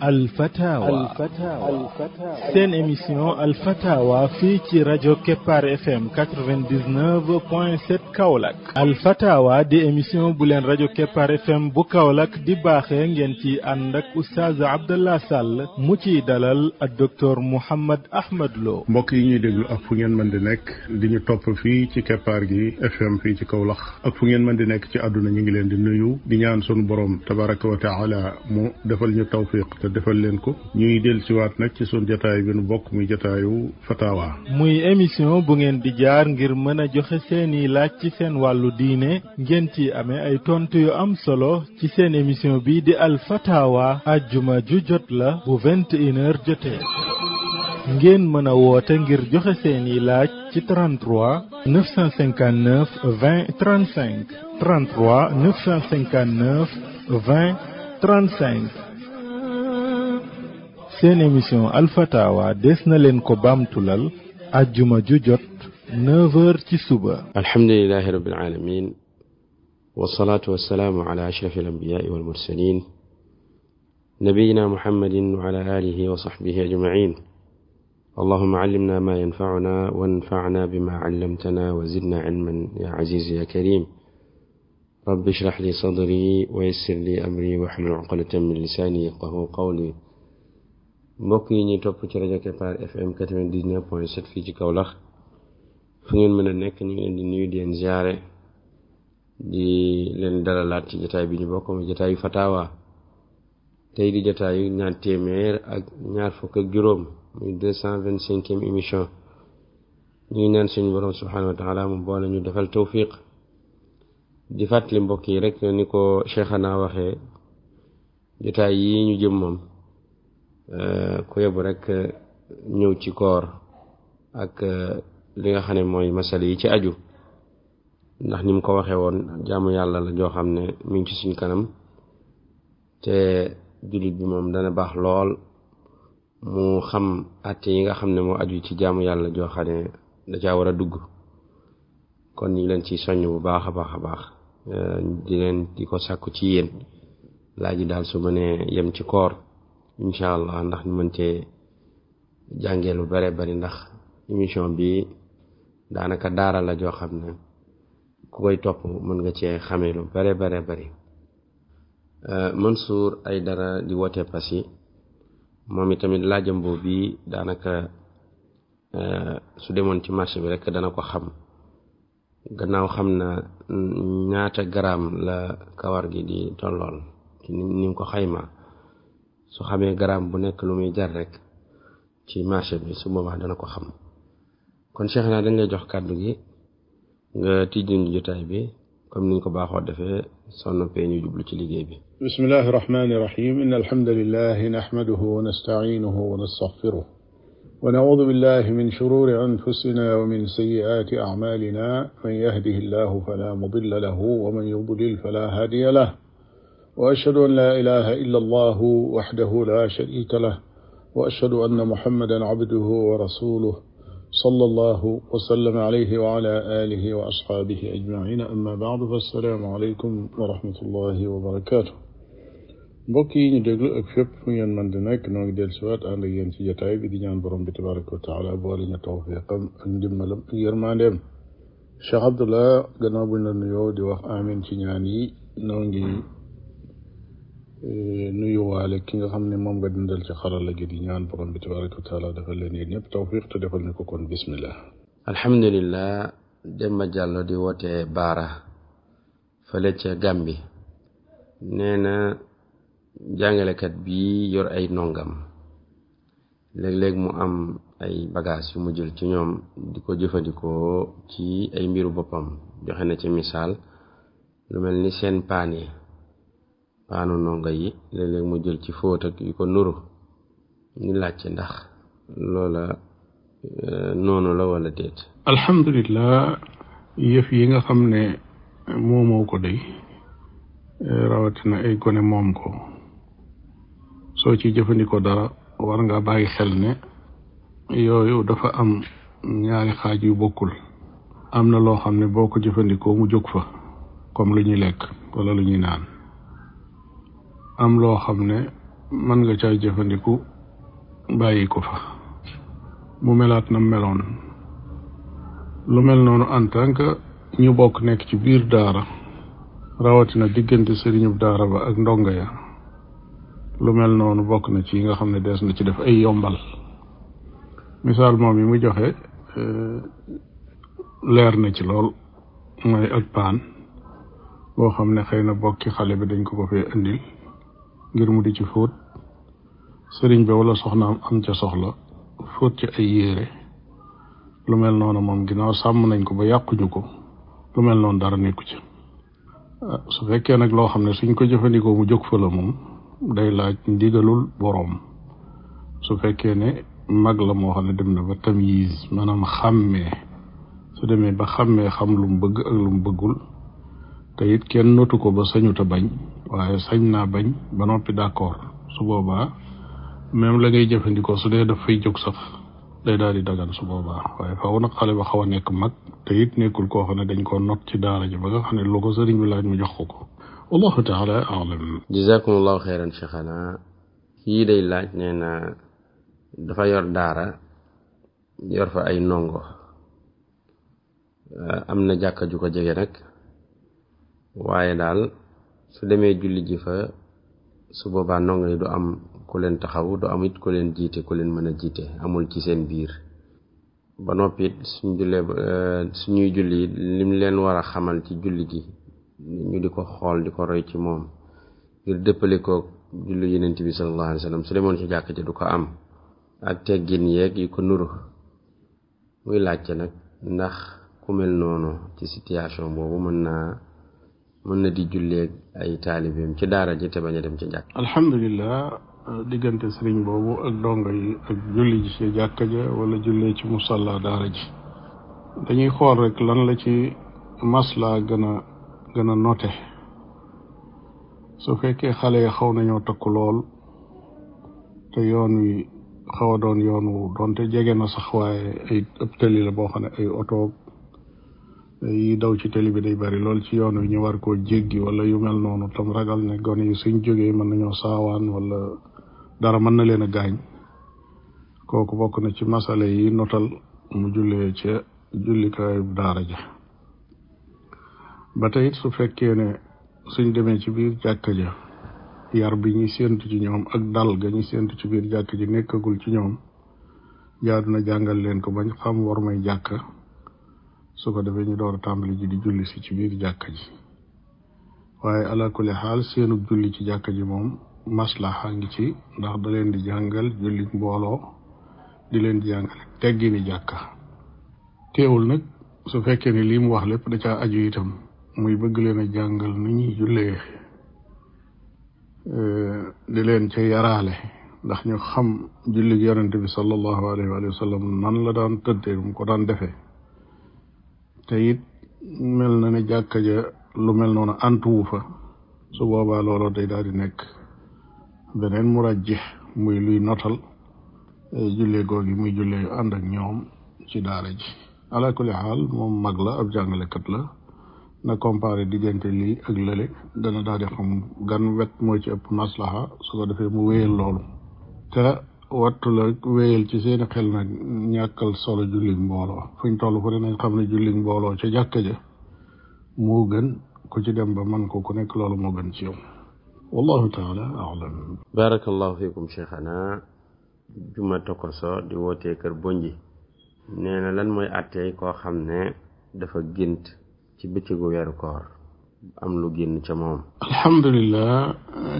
alfatawa seen émission alfatawa fii ci rajo keppaar fm 99 point 7 kaolack alfatawa di émission bu leen rajo keppaar fm bu kaolack di baaxee ngeen ci ànd ak oustaz abdallah sall mu ciy dalal ak docteur mouhamad ahmad lo mbokk yi ñuy déglu ak fu ngeen mën di nekk di ñu topp fii ci keppaar gi fm fii ci kaolack ak fu ngeen mën di nekk ci àdduna ñu ngi leen di nuyu di ñaan sunu borom tabaraka wa taala mu defal ñu tawfiq defal leen ko ñuy dellusiwaat nag ci sunu jataay bi nu bokk muy jataayu Fatawa. muy émission bu ngeen di jaar ngir mën a joxe seeni laaj ci seen wàllu diine ngeen ci amee ay tontu yu am solo ci seen émission bi di al Fatawa ajjuma ju jot la bu vingt et jotee. ngeen mën a woote ngir joxe seeni laaj ci 33 959 20 35 33 959 20 35 seen émission alfatawa des na leen ko baamtulal ajjuma ju jot 9h ci suba. alhamdulilahi rabbil alamin wasalaatu wasalaamu ala ashrafi alambiyaai walmursalin nabiyina muhammadin wa ala alihi wa sahbihi ajmain allahuma allimna ma yanfacuna wanfacna bima callamtana wa zidna cilman ya aziz ya karim rabbi ishrah li sadri wa yassir li amri wahlul uqdatan min lisani yafqahu qawli mbokk yi ñuy topp ci rajo Kepar FM 99.7 fii ci Kaolack fu ngeen mën a nekk ñu ngi leen di nuyu di leen dara laat ci jotaay bi ñu bokk mu jotaayu fatawa tey di jotaayu ñaar téeméer ak ñaar fukk ak juróom muy deux cent vingt cinquième émission ñu ngi ñaan suñu borom subhanahu wa taala mu boole ñu defal tawfiq di fàttali mbokk yi rek ni ko Cheikhana waxe jotaay yi ñu jëm Euh, ku yebu rek euh, ñëw ci koor ak euh, li nga xam ne mooy masal yi ci aju ndax ni mu ko waxee woon jaamu yàlla la joo xam ne mu ngi ci suñ kanam te jullit bi moom dana baax lool xam àtte yi nga xam ne moo aju ci jaamu yàlla joo xam da caa a dugg kon ñu leen ci soññ bu baax a baax a baax di leen di ko sàkku ci yéen laaj daal su ma nee yem ci koor incha allah ndax ñu mën cee jàngee lu bare bari ndax émission bi daanaka daara la joo xam ne ku koy topp mën nga cee xamee lu bare bare bari euh, ay dara di woote Passy moom itamit laajam boobu bi daanaka euh, su demoon ci marché bi rek dana ko xam gannaaw xam na ñaata garaam la kawar gi di tollool ci ni ko xayma su xamee garaam bu nekk lu muy jar rek ci marché bi su boobaa dana ko xam kon Cheikh naa dañ lay jox kàddu gi nga tijjin jotaay bi kom niñ ko baaxoo defee sonn pee ñu jublu ci liggéey bi bismillahi irrahmani na in alhamdulilahi nahmaduhu wa nastaciinuhu wa nastaxfiruh wa naudu billahi min shururi anfusina wa min sayyiaati acmaalina man yahdihi allahu fala mudilla lahu wa man yudlil fala haadiya lah وأشهد أن لا إله إلا الله وحده لا شريك له وأشهد أن محمدا عبده ورسوله صلى الله وسلم عليه وعلى آله وأصحابه أجمعين أما بعد فالسلام عليكم ورحمة الله وبركاته mbokk yi ñu déglu ak fépp fu ngeen mën di nekk noo ngi del siwaat ànd ak yéen ci jataay bi di ñaan borom bi tabaraka wa taala boole ñu tawfiqam ak ndimbalam ak yërmandeem Cheikh Abdullah gannaaw buñ la nuyoo di wax amin ci ñaan yi noo ngi Euh, nuyuwaale ki nga xam ne moom nga dundal ci xarala gi di ñaan borom bi tabaraka wa taala defal leen yéen ñëpp tawfiq te defal ñu ko kon bismillah alhamdulillah Demba Diallo di woote Baara fële ca Gàmbi nee na jàngalekat bi yor ay ndongam léeg-léeg mu am ay bagages yu mu jël ci ñoom di ko jëfandikoo ci ay mbiru boppam joxe na ci misaal lu mel ni seen paan paanu ndongo yi léeg-léeg mu jël ci fóot ak yu ko nuru ñu laajte ndax loola euh, noonu la wala déet alhamdulilah yëf yi nga xam ne moomoo ko day euh, rawatina ay gone moom ko soo ci jëfandikoo dara war nga bàyyi xel ne yooyu dafa am ñaari xaaj yu bokkul am na loo xam ne boo ko jëfandikoo mu jóg fa comme lu ñuy lekk wala lu ñuy naan am loo xam ne mën nga caa jëfandiku bàyyi ko fa mu melaat na meloon lu mel noonu en ñu bokk nekk ci biir daara rawatina diggante sëriñub daara ba ak ndongo ya lu mel noonu bokk na ci nga xam ne dees na ci def ay yombal misaal moom yi mu joxe euh, leer na ci lool mooy ak paan boo xam ne xëy na bokki xale bi dañ ko ko fee indil ngir mu di ci fóot sëriñ bi wala soxna am ca soxla fóot ci ay yére lu mel noonu moom ginnaaw sàmm nañ ko ba yàquñu ko lu mel noonu dara nekku ci ah, su fekkee nag loo xam ne suñ ko jëfandikoo mu jóg fa la moom day laaj ndigalul boroom su fekkee ne mag la moo xam ne dem na ba tamyiz maanaam xàmmee su ba xam lu mu bëgg ak lu mu bëggul te kenn notu ko ba sañu ta bañ waaye sañ naa bañ ba noppi d'accord su boobaa même la ngay jëfandikoo su dee def fay jóg sax day daal di dagan su boobaa waaye faaw nag xale ba xaw a nekk mag te it nekkul koo xam ne dañ koo not ci daara ji ba nga xam ne lu ko sëriñ bi laaj mu jox ko ko wallahu taala alam jazakumullahu xeyran cheikhana kii day laaj nee na dafa yor daara yor fa ay ndongo am na jàkka ju ko jege nag waaye daal su demee julli ji fa su boobaa ndongo yi du am ku leen taxaw du am it ku leen jiite ku leen mën a jiite amul ci seen biir ba noppi it suñ jullee euh, suñuy julli lim leen war a xamal ci julli gi ñu di ko xool di ko roy ci moom ngir dëppale koog julli yenent bi sallallahu alayhi wa sallam su demoon ci jàkk du ko am ak teggin yeeg yu ko nuru muy laajte nag ndax ku mel noonu ci situation boobu mën naa mën na di julleeg ay taalibeem ci daara ji te bañ dem ci jàkk alhamdulilah diggante sëriñ boobu ak dongo yi ak julli ji ci jàkka ja wala jullee ci musalla daara ji dañuy xool rek lan la ci masla gën a gën a note su fekkee xale yi xaw nañoo takku lool te yoon wi xaw a doon yoon wu doonte jege na sax waaye ay ëpp la boo xam ne ay oto yi daw ci télé bi day bari lool ci yoon wi ñu war koo jéggi wala yu mel noonu tam ragal ne gone yi suñ jógee mën nañoo saawaan wala dara mën na leen a gaañ kooku bokk na ci masale yi notal mu jullee ca jullikaay daara ja ba tey su fekkee ne suñ demee ci biir jàkka ja yar bi ñi séentu ci ñoom ak dal ga ñi séentu ci biir jàkka ji nekkagul ci ñoom jaadu na jàngal leen ko bañ xam war may jàkka su ko defee ñu door a tàmbali ji di julli si ci biir jàkka ji waaye ala kulli xaal seenub julli ci jàkka ji moom maslaxa ngi ci ndax da leen di jàngal jullit mbooloo di leen di jàngal teggini jàkka teewul nag su fekkee ni lii mu wax lépp da caa aju itam muy bëgg leen a jàngal ni ñuy jullee eh, di leen ca yaraale ndax ñu xam julli yonente bi sallallahu alayhi wa sallam nan la daan tëddee mu ko daan defee te mel na ne jàkka ja lu mel noonu antuwu fa su boobaa looloo day daal di nekk beneen murajjih muy luy notal eh, jullee googi muy jullee yu ñoom ci daara ji ala kulli xaal moom mag la ab jàngalekat la na comparé diggante lii ak lële dana daal xam gan wet moo ci ëpp maslaha su ko defee mu wéyal loolu te wattu la wéyal ci seen xel nag ñàkkal solo jullig mbooloo fuñ toll fu ne nañ xam ne jullig mbooloo ca jàkka ja moo gën ku ci dem ba man ko ku nekk loolu moo gën ci yow wallahu taala alam barakallahu fiikum cheikhana juma tokoso di wootee kër bonji nee lan mooy àttee koo xam ne dafa gént ci bëccëgu weeru koor am lu génn ca moom alhamdulillah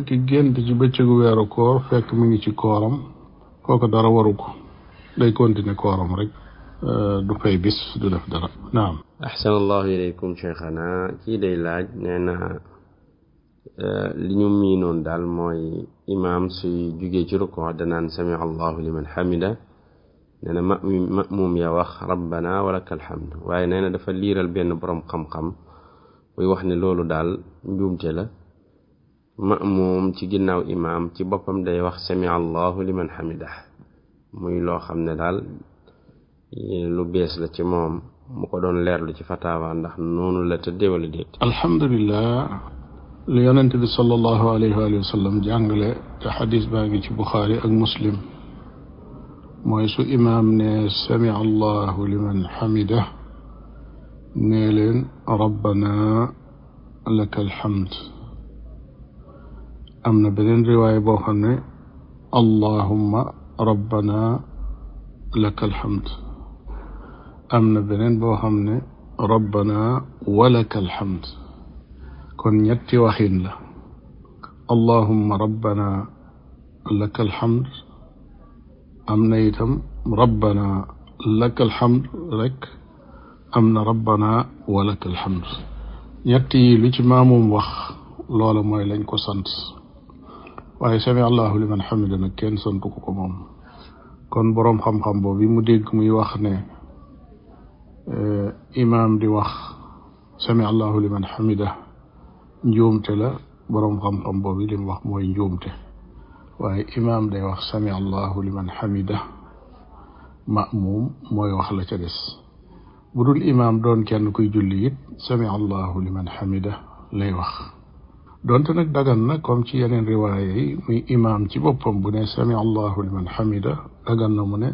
ki gént ci bëccëgu weeru koor fekk mu ngi ci kooram kooku dara waru day continuer kooram euh, du fay bis du def dara naam ahsanallahu ilaykum cheikhana kii day laaj nee na euh, li ñu daal mooy imaam suy jugee ci rukoo danaan sami allahu liman xamida nee mamuum ya wax rabbana walaka alhamd waaye nee na dafa liiral benn boroom xam-xam wax ne loolu daal njuumte la ma'muum ci ginnaaw imaam ci boppam day wax sami allahu liman xamidah muy loo xam ne daal lu bees la ci moom mu ko doon leerlu ci fataawa ndax noonu la tëddee wala déet alhamdulilah li yonent bi sallallahu alayhi wa sallam jàngale te xadis baa ngi ci buxaari ak muslim mooy su imaam ne sami allahu liman am na beneen riwaaya boo xam ne allahumma rabbana laka alhamd am na beneen boo xam ne rabbana walaka alhamd kon ñetti waxin la allahumma rabbana laka alhamd am na itam rabbana laka alhamd rek am na rabbana walaka alhamd ñett yi lu ci maamum wax loola mooy lañ ko sant waaye sami allahu liman xamida nag kenn santu ko ko moom kon boroom xam-xam boobu bi mu dégg muy wax ne eh, imaam di wax sami allahu liman xamida njuumte la boroom xam-xam boobu li mu wax mooy njuumte waaye imaam day wax sami allahu liman xamida ma'muum mooy wax la ca des bu dul imaam doon kenn kuy julli it sami allahu liman xamida lay wax donte nag dagan na comme ci yeneen riwaaya yi muy ci boppam bu ne sami allahu liman xamida dagan na mu ne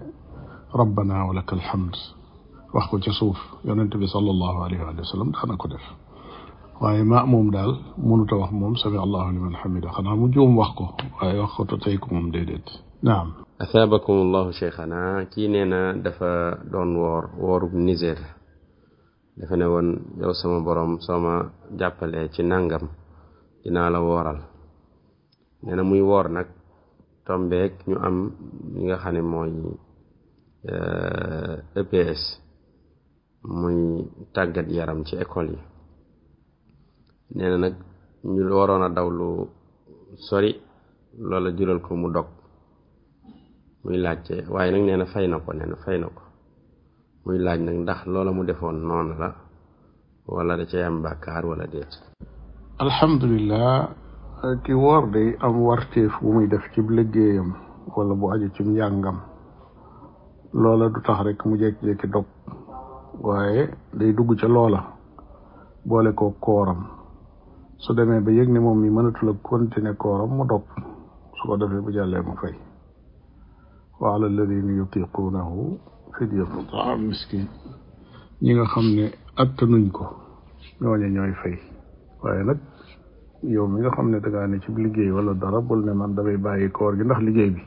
rabbana wa laka alhamd wax ko ca suuf yonente bi sallallahu alayhi wa sallam daana ko def waaye maamum daal mënuta wax moom sami allahu liman xamida xanaa mu juum wax ko waaye wax ko te tey ko moom déedéet naam athaabakum allahu cheikhana kii nee na dafa doon woor woorub dafa ne woon sama borom soo ma jàppalee ci nangam dinaa la wooral nee na muy woor nag tombeeg ñu am li nga xam ne mooy EPS eh, e muy tàggat yaram ci école yi nee na nag ñu waroon a daw lu sori loola jural ko mu dog muy laajte waaye nag nee na fay na ko nee na fay na ko muy laaj nag ndax loola mu defoon noonu la walla da cay am bàkkaar wala déet alhamdulilah ki woor day am warteef bu muy def ci liggéeyam wala bu aju ci njàngam loola du tax rek mu jékki-jékki dog waaye day dugg ca loola boole ko kooram su demee ba yëg ni moom mi mënatul a continuer kooram mu dog su ko defee bu jàllee mu fay wa ala alladina yutiqunahu fidyatu taam miskin ñi nga xam ni ne attanuñ ko ñooñe ñooy fay waaye nag yow mi nga xam ne dangaa ne ci liggéey wala dara bul ne man damay bàyyi koor gi ndax liggéey bi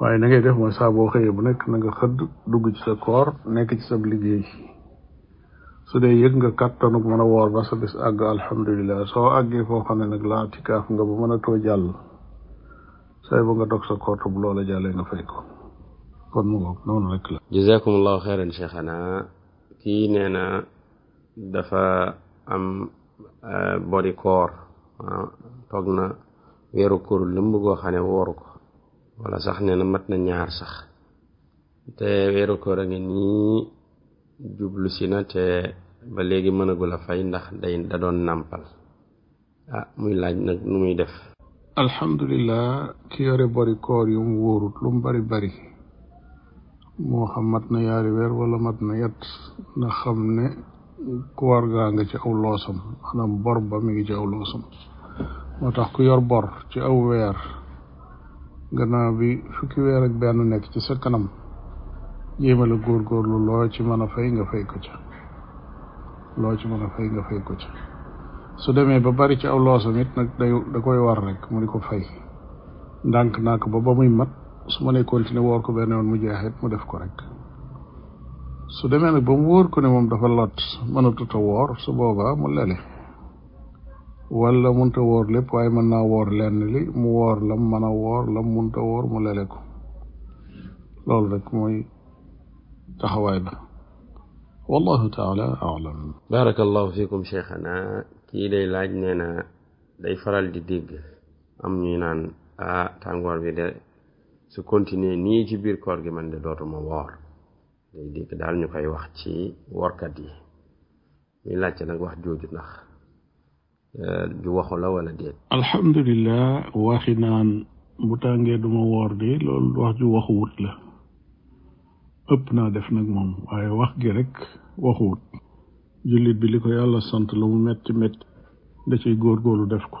waaye na ngay def mooy saaboo boo bu nekk na nga dugg ci sa koor nekk ci sa liggéey su dee yëg nga kattanu mën a woor ba sa bis àgg alhamdulilah soo àggee foo xam ne nag laatikaaf nga bu mën a too jàll say ba nga dog sa koor bu loola jàllee nga fay ko kon mu ngoog noonu rek la na Eh, bori ah, toog na weeru koor lëmb goo xam ne wooru ko wala sax ne na mat na ñaar sax te weeru koor a ngi nii jublu si na te ba léegi mënagul a fay ndax day da doon nàmpal ah muy laaj nag nu muy def alhamdulilah ki yore bori koor yu mu wóorut lu mu bari bari moo xam mat na yaari weer wala mat na yat na xam ne ku war gaa nga ci aw loosam maanaam bor ba mi ngi ci aw loosam moo tax ku yor bor ci aw weer gannaaw bi fukki weer ak benn nekk ci sa kanam jéemale góorgóorlu loo ci mën a fay nga fay ko loo ci mën a fay nga fay ko ci su demee ba bari ci aw loosam it nag day da koy war rek mu di ko fay ndànk naa ko ba ba muy mat su ma ne continuer ko benn yoon mu jeex it mu def ko rek su demee nag ba mu wóor ko ne moom dafa lot mënatut a woor su boobaa mu lele wala munta woor lépp waaye mën naa woor lenn li mu woor lam mën a woor lam munta woor mu lele ko loolu rek mooy taxawaay ba wallahu taala alam barakallahu fikum cheikhana kii day laaj nee day faral di dégg am ñuy naan ah tàngoor bi de su continuer nii ci biir koor gi man de dootuma woor ngay dégg daal ñu koy wax ci workat yi muy laajte nag wax jooju ndax euh, ju waxu la wala déet alhamdulilah waxi naan bu tàngee duma woor de loolu wax ju waxuwut la ëpp naa def nag moom waaye wax gi rek waxuwut jullit bi li ko yàlla sant lu mu metti metti da ciy góorgóorlu def ko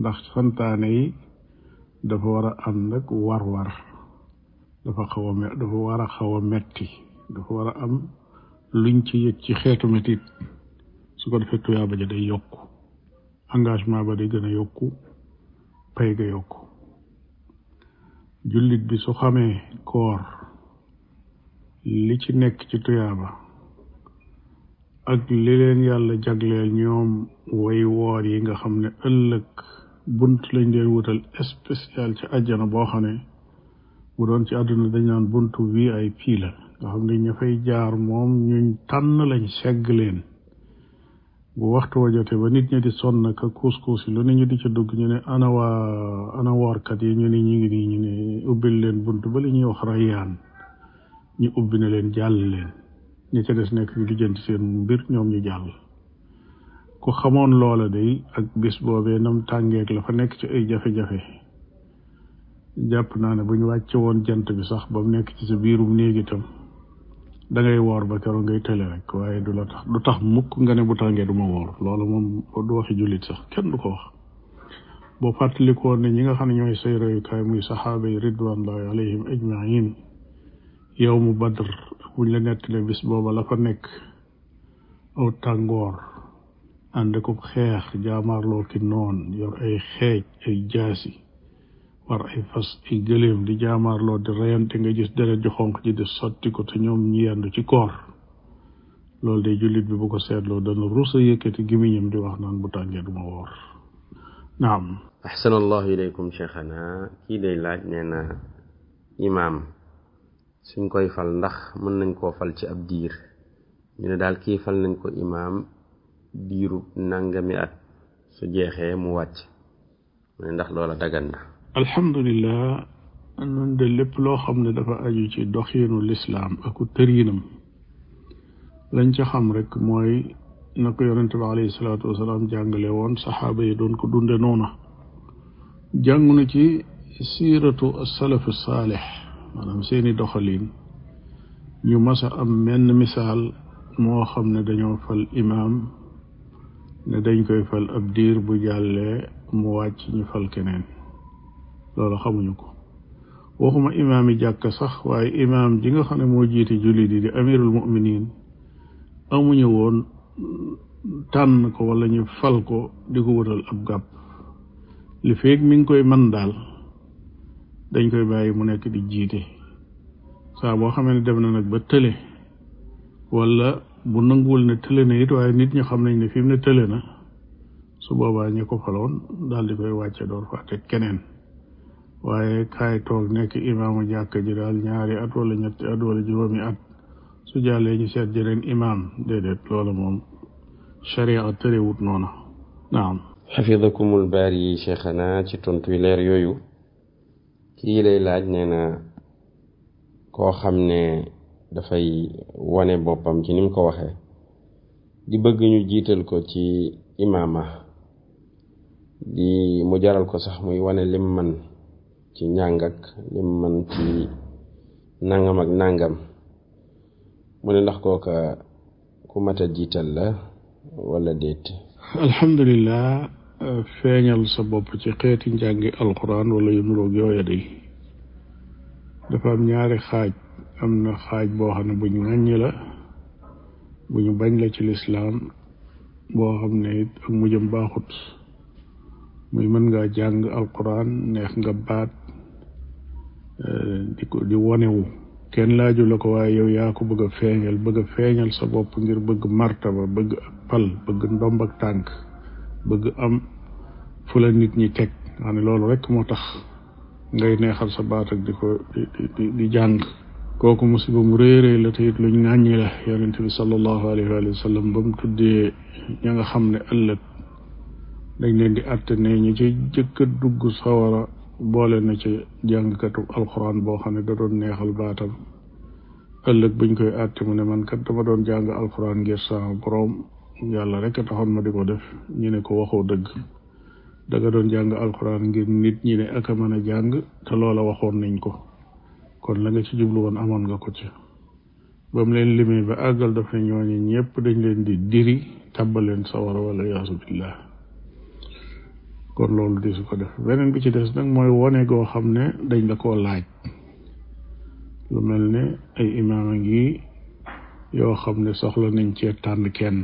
ndax santaane yi dafa war a ànd ak war war dafa xaw a dafa war a xaw a metti dafa war a am luñ ci yëg ci xeetu metit su ko defee tuyaaba ja day yokk engagement ba day gën a yokku pay ga yokk jullit bi su xamee koor li ci nekk ci tuyaaba ak li leen yàlla jagleel ñoom woy woor yi nga xam ne ëllëg bunt lañ leen wutal spécial ci àjjana boo xam ne bu doon ci àdduna dañ naan buntu VIP la nga xam ne ña fay jaar moom ñu tànn lañ segg leen bu waxtu wa jote ba nit ñi di sonn ka kuus-kuus yi lu ne ñu di ca dugg ñu ne ana waa ana woorkat yi ñu ne ñu ngi nii ñu ne ubbil leen bunt ba li ñuy wax rayaan ñu ubbi na leen jàll leen ñi ca des nekk ñu lijjanti seen mbir ñoom ñu jàll ku xamoon loola day ak bis boobee nam tàngeek la fa nekk ci ay jafe-jafe jàpp naa ne ba ñu wàccee woon jant bi sax ba mu nekk ci sa biirum néeg da woor ba keroog ngay tële rek waaye du la tax du tax mukk nga ne bu tàngee du ma woor loolu moom du waxi jullit sax kenn du ko wax boo fàttalikoo ne ñi nga xam ne ñooy say royukaay muy saxaaba yi ridwanullahi alayhim ajmain yow mu badr buñ la nettalee bis booba la fa nekk aw tàngoor ànd ko xeex jaamaarloo ki noon yor ay xeej ay jaasi war ay fas ay gëléem di jaamaarloo di reyante nga gis deret ju xonq ji di sotti ko te ñoom ñi yendu ci koor loolu de jullit bi bu ko seetloo dana rusa yëkkati gémmiñam di wax naan bu tàngee duma woor naam ahsanallahu ilaykum cheikhana kii day laaj nee na imaam suñ koy fal ndax mën nañ koo fal ci ab diir ñu ne daal kii fal nañ ko imaam diirub nangami at su jeexee mu wàcc mu ne ndax loola dagan na alhamdulillah nun de lépp loo xam ne dafa aju ci doxinu lislaam aku tëriinam lañ ca xam rekk mooy na ko yonente bi alayhi salaatu wasalaam jàngale woon saxaaba yi doon dunde noona jàngu na ci siiratu seeni doxalin ñu mas am menn misaal moo xam ne dañoo fal imaam ne dañ koy fal ab diir bu jàllee mu wàcc ñu fal keneen loolu xamuñu ko waxuma imaam yi jàkk sax waaye imaam ji nga xam ne moo jiite jullit yi di amirul muminin amuñu woon tànn ko wala ñu fal ko di ko wutal ab gàpp li feeg mi ngi koy man daal dañ koy bàyyi mu nekk di jiite saa boo xamee ne dem na nag ba tële wala bu nanguwul ne tële na it waaye nit ñi xam nañ ne fi mu ne tële na su boobaa ñu ko faloon daal di koy wàcce door fàtte keneen waaye kaay toog nekk imaamu jàkka ji daal ñaari at wala ñetti at wala juróomi at su jàllee ñu seet jeneen imaam déedéet loolu moom sharia tërewut noona naam xafidakumul baari cheikhana ci tontu yu leer yooyu kii lay laaj nee na koo xam ne dafay wane boppam ci ni ko waxe di bëgg ñu jiital ko ci imaama di mu jaral ko sax muy wane lim man ci njàng ak lim man ci nangam ak nangam mu ne ndax kooka ku mat jiital la walla déet alhamdulilah feeñal sa bopp ci xeeti njàngi alquran wala yu nuroog yooya day dafa ñaari xaaj am na xaaj boo xam ne bu ñu la buñu ñu bañ la ci lislaam boo xam ne it ak mujjam baaxut muy mën ngaa jàng alquran neex nga baat Eh, di ko di wonewu kenn laaju la ko waaye yow yaa ko bëgg a feeñal bëgg a feeñal sa bopp ngir bëgg martaba bëgg ak pal bëgg ndomb ak tànk bëgg am fu la nit ñi teg xam ne loolu rek moo tax ngay neexal sa baat ak di ko di jàng kooku musiba mu réeréy la te it luñ ŋàññi la yonent bi sallallahu alayhi wa sallam ba mu tuddee nga xam ne ëllëg dañ leen di àtte ne ñi ci jëkk a dugg sawara boole na ci jàngkatu alxuraan boo xam ne da doon neexal baatam ëllëg buñ koy àtte mu ne man kat dama doon jàng alxuraan ngir sama boroom yàlla rek a taxoon ma di ko def ñu ne ko waxoo dëgg danga doon jàng alxuraan ngir nit ñi ne ak mën a jàng te loola waxoon nañ ko kon la nga ci jublu amoon nga ko ci ba mu leen limee ba àggal daf ne ñooñu ñëpp dañ leen di diri tàbbaleen sawara wala yaasu billah kon loolu di su ko def beneen bi ci des nag mooy wone goo xam ne dañ la koo laaj lu mel ne ay imaam ngi yoo xam ne soxla nañ cee tànn kenn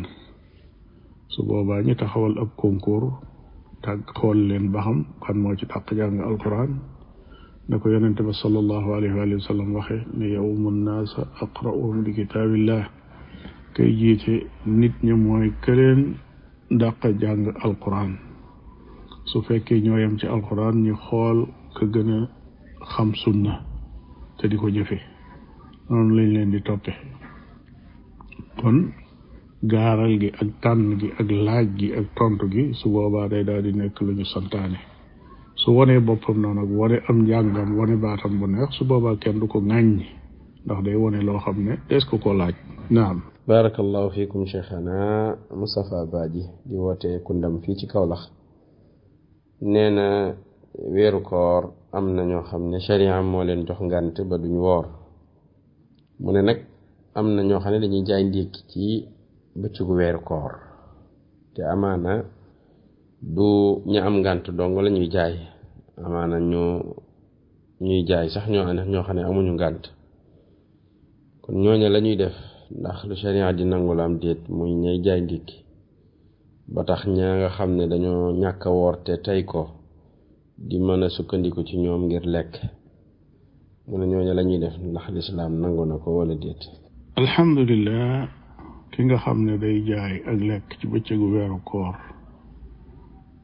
su boobaa ñu taxawal ak concours tàgg xool leen ba xam kan moo ci dàq jàng alquran na ko yonente ba sallallahu alayhi wa sallam waxe ne yawmu a aqra'uhum li kitaabillah kay jiite nit ñi mooy këleen dàq jàng alquran su fekkee ñoo yem ci alquran ñu xool ka gën a xam sunna te di ko jëfe noonu lañ leen di toppe kon gaaral gi ak tànn gi ak laaj gi ak tontu gi su boobaa day daal di nekk lu ñu santaane su wonee boppam noonu ak wane am njàngam wane baatam bu neex su boobaa kenn du ko ŋàññi ndax day wone loo xam ne est-ce que ko laaj naam barakallahu fiikum cheikhana Moustapha Badji di woote kundam fii ci Kaolack nee na weeru koor am na ñoo xam ne sharia moo leen jox ngànt ba duñu woor mu ne nag am na ñoo xam ne dañuy jaay ndékki ci bëccëgu weeru koor te amaana du ñu am ngànt dong la ñuy jaay amaana ñu ñuy jaay sax ñoo xam ñoo xam ne amuñu ngànt kon ñooña lañuy def ndax lu sharia di nangu la am déet muy ñay jaay ndékki ba tax ñaa nga xam ne dañoo ñàkk a woor te tey ko di mën a sukkandiku ci ñoom ngir lekk mu ne ñooñu la def ndax lislaam nangu na ko wala déet alhamdulilah ki nga xam ne day jaay ak lekk ci bëccëgu weeru koor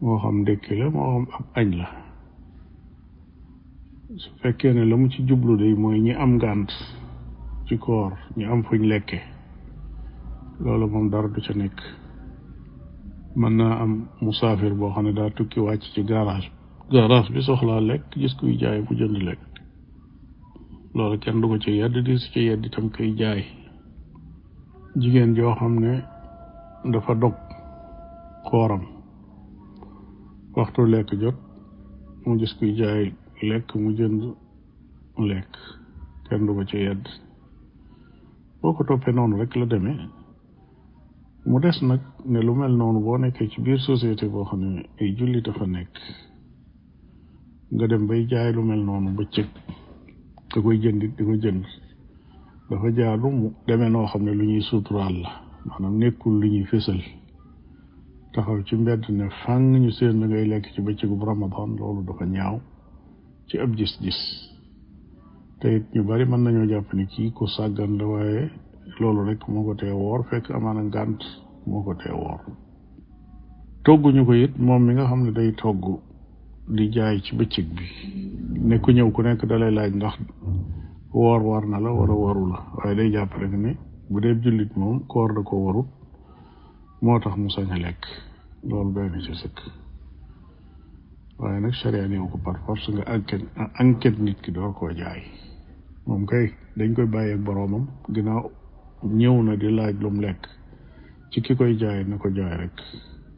moo xam ndékki la moo xam ab añ la su fekkee ne la mu ci jublu day mooy ñi am ngànt ci koor ñi am fuñ lekke loolu moom dara du ca nekk mën naa am musaafir boo xam ne daa tukki wàcc ci garage garage bi soxlaa lekk gis kuy jaay bu jënd lekk loolu kenn du ko ci yedd di su ci yedd itam kuy jaay jigéen joo xam ne dafa dog kooram waxtu lekk jot mu gis kuy jaay lekk mu jënd lekk kenn du ko ci yedd boo ko toppee noonu rek la deme mu des nag ne lu mel noonu boo nekkee ci biir société boo xam ne ay jullit dafa nekk nga dem bay jaay lu mel noonu bëccëg da koy jënd di ko jënd dafa jaadu mu demee noo xam ne lu ñuy suturaal la maanaam nekkul lu ñuy fësal taxaw ci mbedd ne fàng ñu seen da ngay lekk ci bëccëgu ramadan loolu dafa ñaaw ci ab gis-gis te ñu bari mën nañoo jàpp ne kii ku sàggan la waaye loolu rek moo ko tee woor fekk amaana ngànt moo ko tee woor togguñu ko it moom mi nga xam ne day togg di jaay ci bëccëg bi ne ku ñëw ku nekk dalay laaj ndax woor war na la wala waru la waaye day jàpp rek ne bu dee jullit moom koor da ko warut moo tax mu sañ lekk loolu doy na ci sëkk waaye nag charia néew ko par force nga enquête enquête nit ki door koo jaay moom kay dañ koy bàyyeeg boroomam ginnaaw ñëw na di laaj lu lekk ci ki koy jaay na ko jaay rek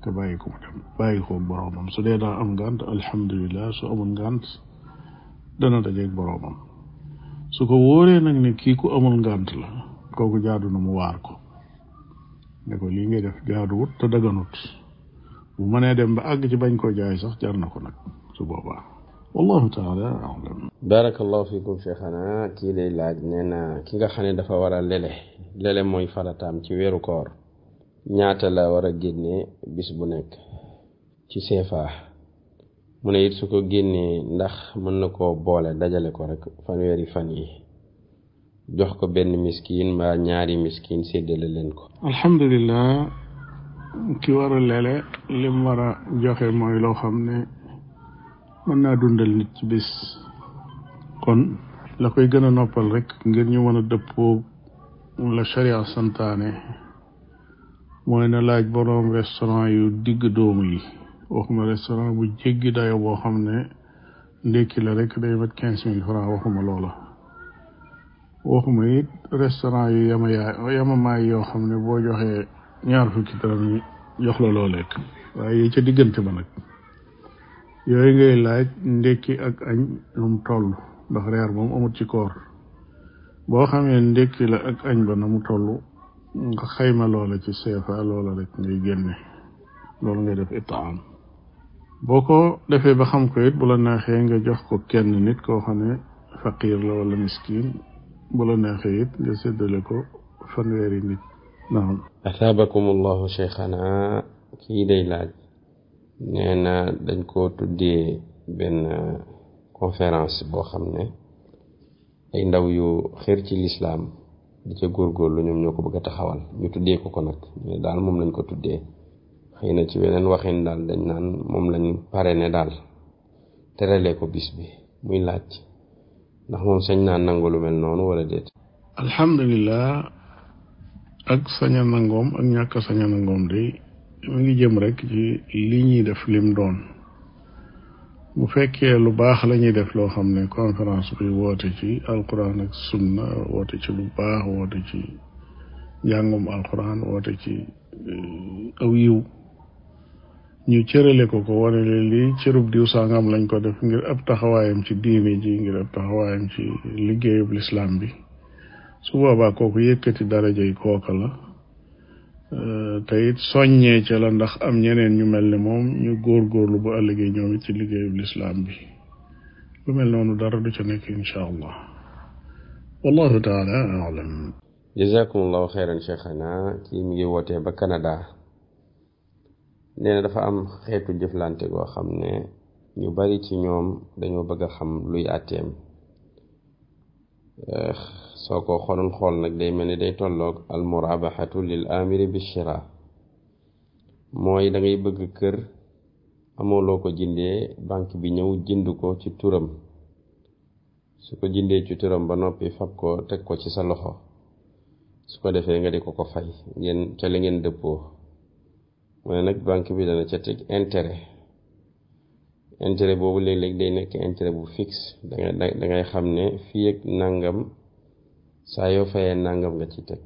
te bàyyi ko mu boroomam su dee daa am ngànt alhamdulilah su amul ngànt dana dajeeg boroomam su ko wóoree nag ne kii ku amul ngànt la kooku jaadu na mu waar ko ne ko lii ngay def jaaduwut te daganut bu mënee dem ba àgg ci bañ koo jaay sax jar na ko nag su boobaa wallahu taala alam barakallahu fikum cheikhana kii de laaj nee na ki nga xam ne dafa war a lele lele mooy farataam ci weeru koor ñaata la war a génne bis bu nekk ci CFA mu ne it su ko génnee ndax mën na koo boole dajale ko rek fanweeri fan yi jox ko benn miskin mbaa ñaari miskin séddale leen ko alhamdulilah ki war a lele lim war a joxe mooy loo xam ne mën naa dundal nit ci bis kon la koy gën a noppal rek ngir ñu mën a dëppoo la charia santaane mooy na laaj boroom restaurant yu digg doomu yi waxuma restaurant bu jéggi dayo boo xam ne ndékki la rek day mat quinze mille franc waxuma loola waxuma it restaurant yu yama yaay yamamaay yoo xam ne boo joxee ñaar fukki dërëm jox la loo lekk waaye ca diggante ba nag yooyu ngay laaj ndékki ak añ num toll ndax reer moom amut ci koor boo xamee ndékki la ak añ ba na mu toll nga xayma loola ci seefa loola rek ngay génne loolu ngay def itaam boo ko defee ba xam ko it bu nga jox ko kenn nit koo xam ne faqiir la wala miskin bu la neexee it nga séddale ko fanweeri nit naam ataabakum allahu cheikhana kii laaj nee na dañ ko tuddee benn conférence boo xam ne ay ndaw yu xër ci lislaam di ca góorgóorlu ñoom ñoo ko bëgg taxawal ñu tuddee ko ko nag mais daal moom lañ ko tuddee xëy na ci weneen waxin daal dañ naan moom lañ pare ne daal teralee ko bis bi muy laaj ndax moom sañ naa nangu lu mel noonu wala déet alhamdulilah ak sañ nangoom ak ñàkk sañ a nangoom day mu ngi jëm rek ci li ñuy def lim doon bu fekkee lu baax la ñuy def loo xam ne conférence bi woote ci alquran ak sunna woote ci lu baax woote ci njàngum alquran woote ci eh, aw yiw ñu cërale ko ko wane leen lii cërub diw sangam lañ ko def ngir ab taxawaayam ci diine ji ngir ab taxawaayam ci liggéeyub lislaam bi su boobaa kooku yëkkati darajay kooka la Euh, te it soññee ca ndax am ñeneen ñu mel ne moom ñu góorgóorlu bu ëllëgee ñoom it ci liggéeyub lislaam bi lu mel noonu dara du ca nekk insha allah wallahu taala alam jazakumullahu ba Canada dafa am xeetu jëflante goo xam ne ñu bari ci ñoom dañoo bëgg a xam luy àtteem Eh, soo ko xooloon xool nag day mel ni day tolloog almurabaxatu lil amiri bi shira mooy da ngay bëgg kër amoo loo ko jëndee banque bi ñëw jënd ko ci turam su ko jindee ci turam ba noppi fab ko teg ko ci sa loxo su ko defee nga di ko ko fay ngeen ca la ngeen dëppoo mu ne nag banque bi dana ca teg intérêt intérêt boobu léeg-léeg day nekk intérêt bu fixe da ngay da ngay xam ne fii ak nangam saa yoo fayee nangam nga ci teg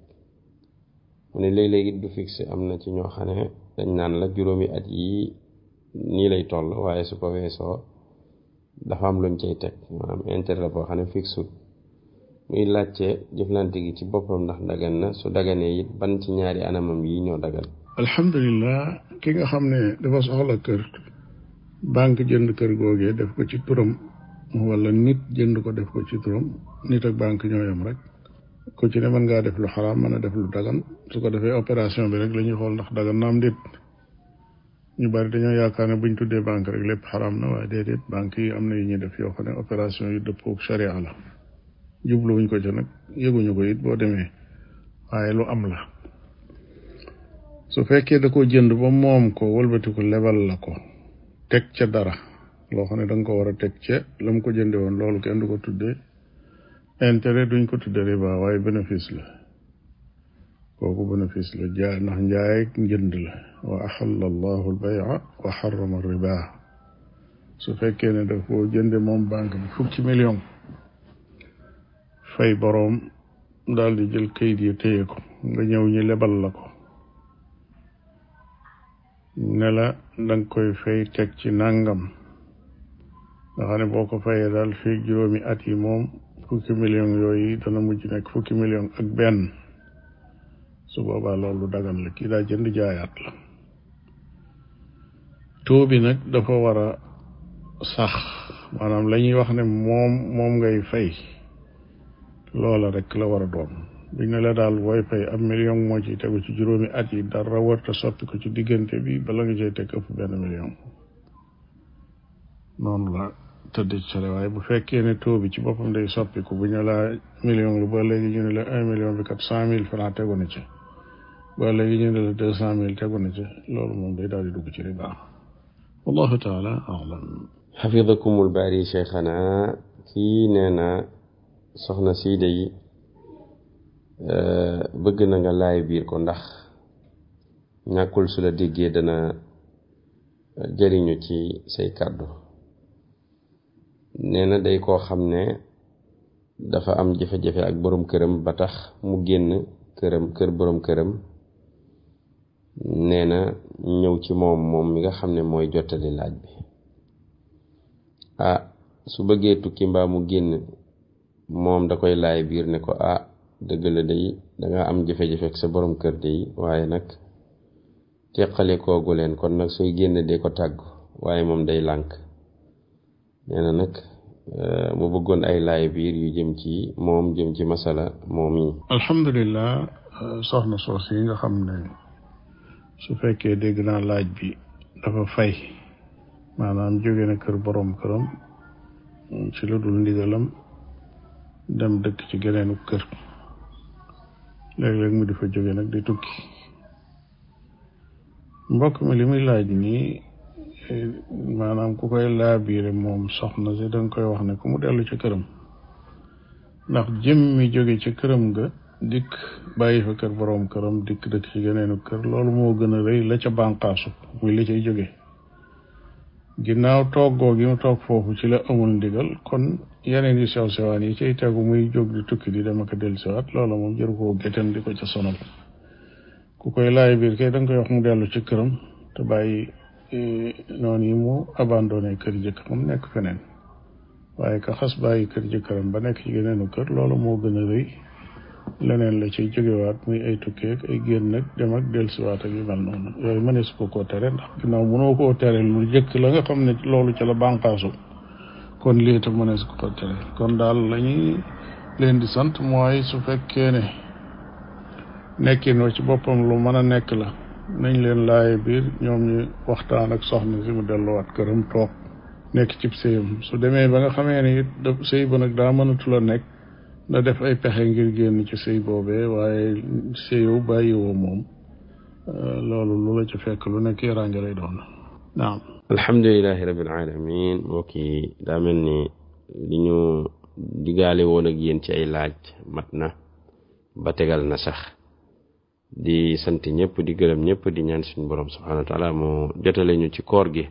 mu ne léeg-léeg du fixe am na ci ñoo xam ne dañ naan la juróomi at yi nii lay toll waaye su ko weesoo dafa am luñ cay teg boo xam ne fixe muy laajte jëflante gi ci boppam ndax dagan na su daganee it ban ci ñaari anamam yi ñoo dagan alhamdulilah ki nga xam ne dafa soxla kër banque jënd kër googee def ko ci turam wala nit jënd ko def ko ci turam nit ak banque ñoo yam rek ku ci ne mën ngaa def lu xaraam mën a def lu dagan su ko defee opération bi rek la ñuy xool ndax dagan na am déet ñu bari dañoo yaakaar ne buñ tuddee banque rek lépp xaraam na waaye déedéet banque yi am na yu ñuy def yoo xam ne opération yu dëppook charia la jubluwuñ ko ci nag yëguñu ko it boo demee waaye lu am la su fekkee da ko jënd ba moom ko wëlbatiku lebal la ko teg ca dara loo xam ne da nga ko war a teg ca lam ko jënde woon loolu kenn du ko tudde intérêt duñ ko tudde riba waaye bénéfice la kooku bénéfice la jaay ndax njaay ak la wa axalla allahu albaya wa xarama riba su fekkee ne daf koo jënde moom bank bi fukki million fay boroom daal di jël kayit yi téye ko nga ñëw ñi lebal la ko nela la danga koy fay teg ci nangam nga boo ko fayee daal fii juróomi at yi moom fukki million yooyu dana mujj nekk fukki million ak benn su boobaa loolu dagan la kii daa jënd jaayaat la taux bi nag dafa war a sax maanaam lañuy wax ne moom moom ngay fay loola rek la war a doon buñ ne la daal booy fay ab million moo ciy tegu ci juróomi at yi dara warta soppi ci diggante bi bala nga cay teg benn million noonu la tëdd ci sale waaye bu fekkee ne taux bi ci boppam day soppi ko bu ñu la million lu ba léegi la un million bi kat cent mille franc tegu na ci na ci daal di dugg ci riba wallahu taala alam xafidakumul Euh, bëgg na nga laay biir ko ndax ñàkkul su la déggee dana euh, jëriñu ci say kàddu nee na day koo xam ne dafa am jafe-jafe ak boroom këram ba tax mu génn këram kër boroom këram nee na ñëw ci moom moom mi nga xam ne mooy jottali laaj bi ah su bëggee tukki mbaa mu génn moom da koy laay biir ne ko ah dëgg la day danga am jafe-jafe ak sa boroom kër day waaye nag teqale koogu leen kon nag sooy génn de ko tàggu waaye moom day lànk nee na nag euh, mu bëggoon ay laay biir yu jëm ci moom jëm ci masala moom yi alhamdulilah euh, soxna soos yi nga xam ne su fekkee dégg naa laaj bi dafa fay maanaam jóge na kër boroom këram ci lu dul ndigalam dem dëkk ci geneenu kër léeg-léeg mu di fa jóge nag di tukki mbokk mi li laaj nii maanaam ku koy laabiire moom soxna si danga koy wax ne ku mu dellu ca këram ndax jëm mi jóge ca këram ga dikk bàyyi fa kër boroom këram dikk dëkk ci geneenu kër loolu moo gën a rëy la ca bànqaasu muy li cay jóge ginnaaw toggoo gi mu toog foofu ci la amul ndigal kon yeneen yu sew sewaan yi ci tegu muy jóg di tukki di dem ak a dellusiwaat loola moom jëru koo géttan di ko ca sonal ku koy laay biir kay da koy wax mu dellu ci këram te bàyyi e, noonu yi mu abandonné kër jëkk moom nekk feneen waaye ka xas bàyyi kër jëkkëram ba nekk ci geneenu kër loola moo gën a rëy leneen la cay jógewaat muy ay tukkeeg ay génn nag dem ak dellusiwaat ak yu mel noonu yooyu su ko koo tere ndax ginnaaw mënoo koo tere lu jëkk la nga xam loolu ca la bànqaasu kon lii itam mënees ko tottale kon daal la leen di sant mooy su fekkee ne nekkin wa ci boppam lu mën a nekk la nañ leen laaye biir ñoom ñu waxtaan ak soxna si mu delluwaat këram toog nekk cib sëyam su demee ba nga xamee ne it da sëy ba nag daa mënatula nekk na def ay pexe ngir génn ci sëy boobee waaye sëyu bàyyiwoo moom euh, loolu lu la ci fekk lu nekk yaraange lay doon naam alhamdulilahi rabil alamin mbokk yi daa mel ni li ñu digaale woon ak yéen ci ay laaj mat na ba tegal na sax di sant ñëpp di gërëm ñëpp di ñaan suñ borom subhanahu wa mu jotale ñu ci koor gi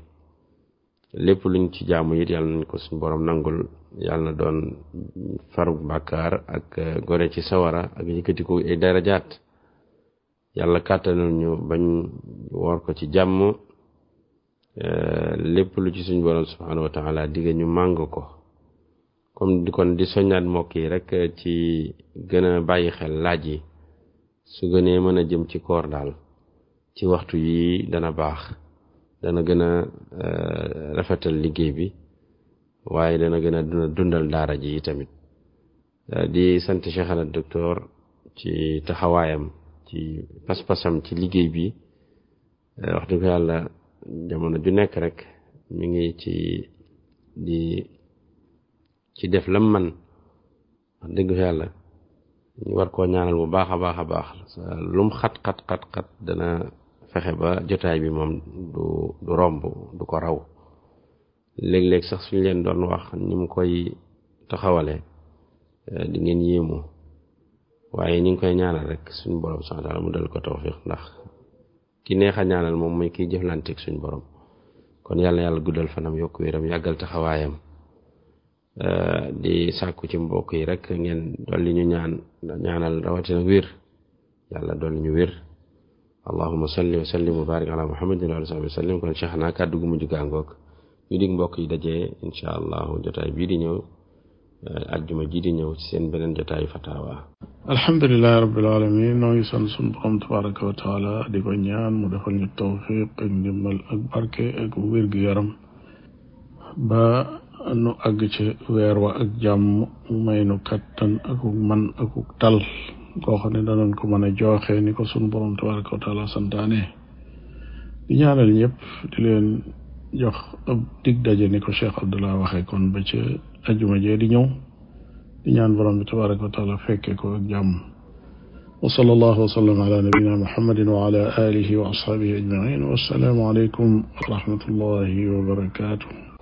lépp luñ ci jaamu it yàlla nañ ko suñ borom nangul yàlla na doon farug bàkkaar ak eh, gore ci sawara ak yëkkatiku ay darajaat yàlla kàttanal ñu bañ woor ko ci jàmm Euh, lépp lu ci suñ borom subhanahu wa taala ñu màng ko comme di kon di soññaat mbokk yi rek ci gën a bàyyi xel laaj yi su gënee mën a jëm ci koor daal ci waxtu yi dana baax dana gën a euh, rafetal liggéey bi waaye dana gën a dundal daara ji tamit euh, di sant Cheikh Al ci taxawaayam ci pas-pasam ci liggéey bi wax dëgg yàlla jamono ju nekk rek mu ngi ci di ci def lam man dëgg fa yàlla ñu war koo ñaanal bu baax a baax a baax lum xat xat xat xat dana fexe ba jotaay bi moom du romb du ko raw léeg-léeg sax suñ leen doon wax ni mu koy taxawale eh, di ngeen yéemu waaye ñu ngi koy ñaanal rek suñu boroom sax wa taala mu dal ko tawfiq ndax ki neex a ñaanal moom mooy kiy jëflanteeg suñ borom kon yàlla yàlla guddal fanam yokk wéram yàggal taxawaayam euh, di sàkku ci mbokk yi rek ngeen dolli ñu ñaan ñaanal rawatina wér yàlla dolli ñu wér allahuma salli wa sallim wa barik ala muhammadin wa alihi wa sallim kon cheikh naa kàddu gu mujj gaa ngoog ñu dig mbokk yi dajee incha allahu jotaay bii di ñëw ajjuma euh, ji di ñëw ci seen beneen jotaayu fatawa alhamdulilahi rabbil alamin noo ngi sant sunu tabaraka wa taala di ko ñaan mu defal ñu tawfiq ak ndimbal ak barke ak wér yaram ba nu àgg ci weer wa ak jàmm may nu kattan akuk man tal koo xam ne danañ ko mën a jooxe ni ko sunu borom tabaraka wa taala santaane di ñaanal ñëpp di leen jox dig ni ko Cheikh Abdullah waxe kon ba ajuma jee di ñëw di ñaan borom bi tabaraka wa taala fekke ko ak jàmm wa sallallahu wa sallam ala nabina muhammadin wa ala alihi wa ashabihi ajmain wassalaamu aleykum wa rahmatullahi wa barakatuh